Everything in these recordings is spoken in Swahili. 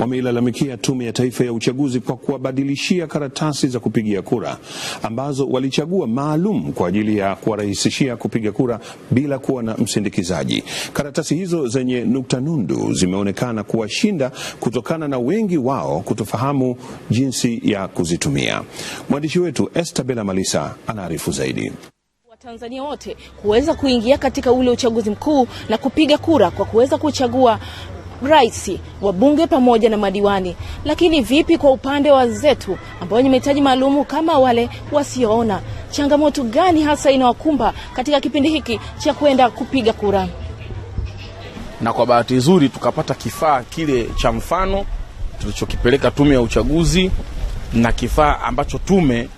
wameilalamikia Tume ya Taifa ya Uchaguzi kwa kuwabadilishia karatasi za kupigia kura ambazo walichagua maalum kwa ajili ya kuwarahisishia kupiga kura bila kuwa na msindikizaji. Karatasi hizo zenye nukta nundu zimeonekana kuwashinda kutokana na wengi wao kutofahamu jinsi ya kuzitumia. Mwandishi wetu Esther Bela Malisa anaarifu zaidi. Tanzania wote kuweza kuingia katika ule uchaguzi mkuu na kupiga kura kwa kuweza kuchagua rais, wabunge pamoja na madiwani. Lakini vipi kwa upande wa zetu ambao wenye mahitaji maalumu kama wale wasioona? Changamoto gani hasa inawakumba katika kipindi hiki cha kwenda kupiga kura? Na kwa bahati nzuri tukapata kifaa kile cha mfano tulichokipeleka tume ya uchaguzi na kifaa ambacho tume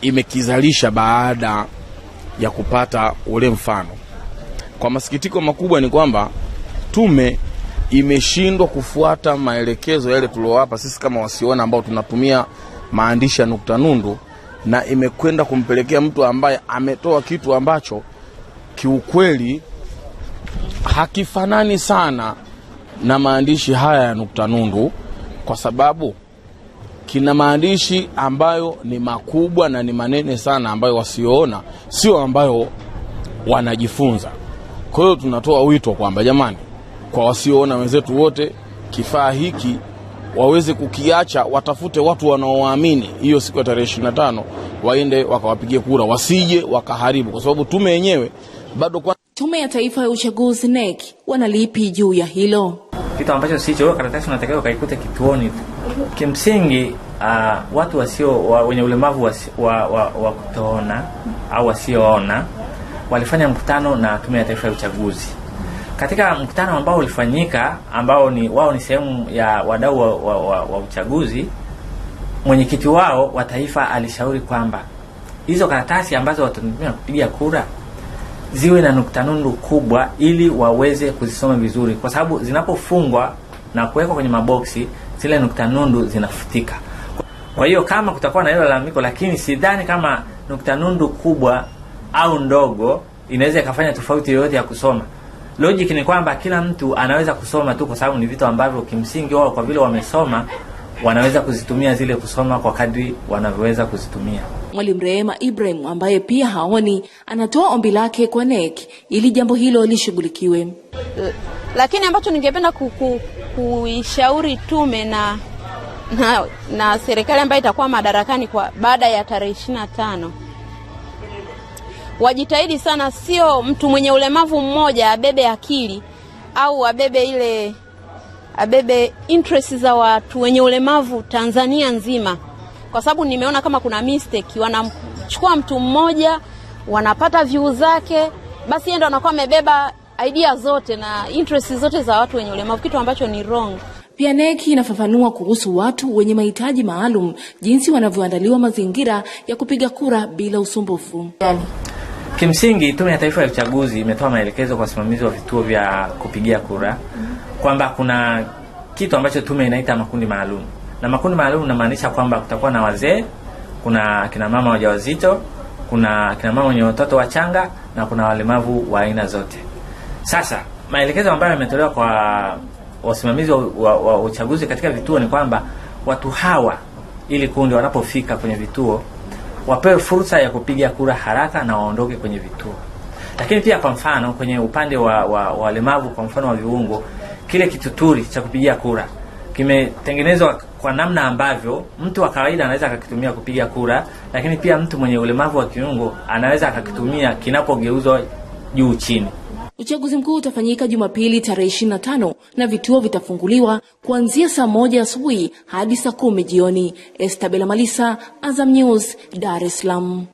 imekizalisha baada ya kupata ule mfano. Kwa masikitiko makubwa ni kwamba tume imeshindwa kufuata maelekezo yale tuliowapa sisi kama wasiona ambao tunatumia maandishi ya nukta nundu, na imekwenda kumpelekea mtu ambaye ametoa kitu ambacho kiukweli hakifanani sana na maandishi haya ya nukta nundu, kwa sababu kina maandishi ambayo ni makubwa na ni manene sana, ambayo wasioona sio ambayo wanajifunza. Kwa hiyo tunatoa wito kwamba jamani kwa wasioona wenzetu wote, kifaa hiki waweze kukiacha, watafute watu wanaowaamini. Hiyo siku ya tarehe 25 waende wakawapigia kura, wasije wakaharibu, kwa sababu tume yenyewe bado kwa... Tume ya Taifa ya Uchaguzi NEC wanalipi juu ya hilo? Kitu ambacho sicho karatasi unatakiwa ukaikute kituoni. Kimsingi uh, watu wasio wa, wenye ulemavu wa, wa, wa kutoona au wasioona walifanya mkutano na Tume ya Taifa ya Uchaguzi katika mkutano ambao ulifanyika ambao ni wao ni sehemu ya wadau wa, wa, wa, wa uchaguzi, mwenyekiti wao wa taifa alishauri kwamba hizo karatasi ambazo watatumia kupiga kura ziwe na nukta nundu kubwa, ili waweze kuzisoma vizuri, kwa sababu zinapofungwa na kuwekwa kwenye maboksi zile nukta nundu zinafutika. Kwa hiyo kama kutakuwa na hilo lalamiko, lakini sidhani kama nukta nundu kubwa au ndogo inaweza ikafanya tofauti yoyote ya kusoma. Logic ni kwamba kila mtu anaweza kusoma tu, kwa sababu ni vitu ambavyo kimsingi wao kwa vile wamesoma wanaweza kuzitumia zile kusoma kwa kadri wanavyoweza kuzitumia. Mwalimu Rehema Ibrahim ambaye pia haoni, anatoa ombi lake kwa NEC ili jambo hilo lishughulikiwe. Eh, lakini ambacho ningependa kuishauri tume na, na, na serikali ambayo itakuwa madarakani kwa baada ya tarehe ishirini tano wajitahidi sana, sio mtu mwenye ulemavu mmoja abebe akili au abebe ile abebe interest za watu wenye ulemavu Tanzania nzima, kwa sababu nimeona kama kuna mistake, wanamchukua mtu mmoja wanapata view zake, basi yeye ndo anakuwa amebeba idea zote na interest zote za watu wenye ulemavu, kitu ambacho ni wrong. Pia NEC inafafanua kuhusu watu wenye mahitaji maalum jinsi wanavyoandaliwa mazingira ya kupiga kura bila usumbufu yani. Kimsingi, Tume ya Taifa ya Uchaguzi imetoa maelekezo kwa wasimamizi wa vituo vya kupigia kura kwamba kuna kitu ambacho tume inaita makundi maalum, na makundi maalum inamaanisha kwamba kutakuwa na wazee, kuna kina mama wajawazito, kuna kina mama wenye watoto wachanga na kuna walemavu wa aina zote. Sasa maelekezo ambayo yametolewa kwa wasimamizi wa, wa, wa uchaguzi katika vituo ni kwamba watu hawa ili kundi wanapofika kwenye vituo wapewe fursa ya kupiga kura haraka na waondoke kwenye vituo. Lakini pia kwa mfano kwenye upande wa walemavu wa kwa mfano wa viungo, kile kituturi cha kupigia kura kimetengenezwa kwa namna ambavyo mtu wa kawaida anaweza akakitumia kupiga kura, lakini pia mtu mwenye ulemavu wa kiungo anaweza akakitumia kinapogeuzwa juu chini. Uchaguzi mkuu utafanyika Jumapili tarehe 25 na vituo vitafunguliwa kuanzia saa moja asubuhi hadi saa kumi jioni. Estabela Malisa, Azam News, Dar es Salaam.